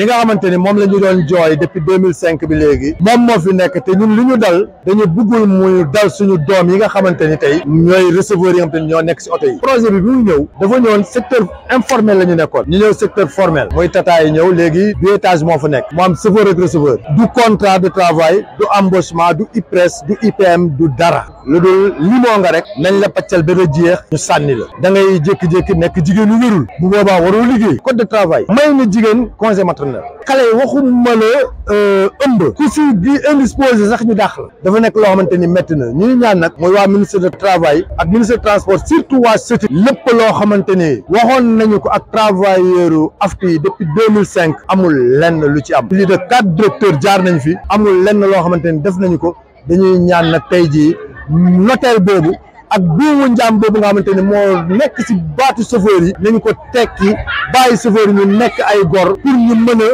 li nga xamante ni moom la ñu doon jooy depuis 2005 bi léegi moom moo fi nekk te ñun li ñu dal dañu bëggul muy dal suñu doom yi nga xamante ni tey ñooy receveurs yi nga xamante ñoo nekk si oto yi projet bi bi mu ñëw dafa ñëwoon secteur informel la ñu nekkoon ñu ñëw secteur formel muy tata yi ñëw léegi bi étage moo fa nekk moom am chauffeur ak receveur du contrat de travail du embauchement du IPRES du IPM du dara lu dul limoo nga rek nañ la paccal ba jeex ñu sànni la da ngay jékki-jékki nekk jigéenu wérul bu boobaa waroo liggéey code de travail may na jigéen congé maternel xale yi waxuma la euh, ëmb ku si di indisposé sax ñu daax la dafa nekk loo xamante ni métti na ñuy ñaan nag mooy waa ministre de travail ak ministre de transport surtout waa seti lépp loo xamante ni waxoon nañu ko ak travailleur aftu yi depuis deux mille cinq amul lenn lu ci am plus de quatre jaar nañ fi amul lenn loo xamante ni def nañu ko dañuy ñaan nag tey jii notaire boobu ak buumu njaam boobu nga xamante ne moo nekk si baatu chauffeur yi nañu ko tekki bàyyi chauffeur yi ñu nekk ay gor pour ñu mën a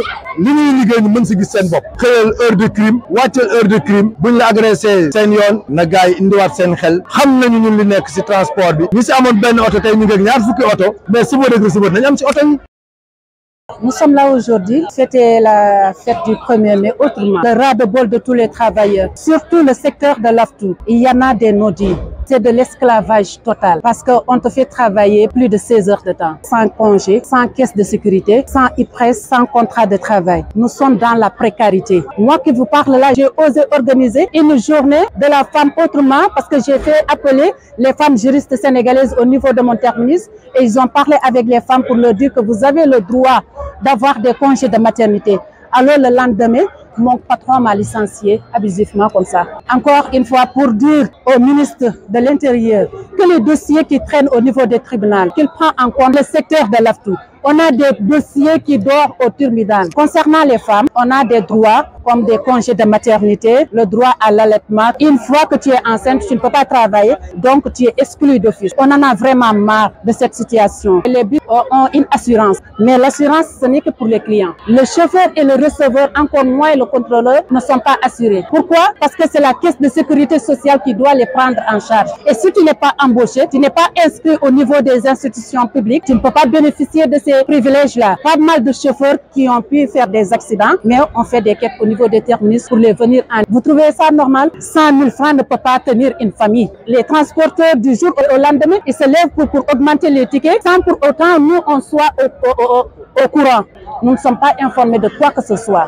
li ñuy liggéey ñu mën si gis seen bopp xëyal heure de crime wàccal heure de crime buñ la agressé seen yoon na gars yi indiwaat seen xel xam nañu ñun li nekk si transport bi ñi si amoon benn oto tey ñu ngeeg ñaar fukki oto mais suba rek suba nañ am si oto yi Nous sommes là aujourd'hui, c'était la fête du 1er mai, autrement, le ras de bol de tous les travailleurs, surtout le secteur de l'Aftou, Il y en a des nodis c'est de l'esclavage total parce qu'on te fait travailler plus de 16 heures de temps, sans congé, sans caisse de sécurité, sans IPRES, sans contrat de travail. Nous sommes dans la précarité. Moi qui vous parle là, j'ai osé organiser une journée de la femme autrement parce que j'ai fait appeler les femmes juristes sénégalaises au niveau de mon terminus et ils ont parlé avec les femmes pour leur dire que vous avez le droit d'avoir des congés de maternité. Alors le lendemain, mon patron m'a licencié abusivement comme ça. Encore une fois, pour dire au ministre de l'Intérieur que les dossiers qui traînent au niveau des tribunaux, qu'il prend en compte le secteur de l'Aftou. On a des dossiers qui dorment au Turmidan. Concernant les femmes, on a des droits comme des congés de maternité, le droit à l'allaitement. Une fois que tu es enceinte, tu ne peux pas travailler, donc tu es exclu d'office. On en a vraiment marre de cette situation. Les bus ont une assurance, mais l'assurance, ce n'est que pour les clients. Le chauffeur et le receveur, encore moins le contrôleur, ne sont pas assurés. Pourquoi Parce que c'est la caisse de sécurité sociale qui doit les prendre en charge. Et si tu n'es pas embauché, tu n'es pas inscrit au niveau des institutions publiques, tu ne peux pas bénéficier de ces ces privilèges-là. Pas mal de chauffeurs qui ont pu faire des accidents, mais on fait des quêtes au niveau des terminus pour les venir en. Vous trouvez ça normal 100 000 francs ne peut pas tenir une famille. Les transporteurs du jour au lendemain, ils se lèvent pour, pour augmenter les tickets sans pour autant nous on soit au, au, au, au courant. Nous ne sommes pas informés de quoi que ce soit.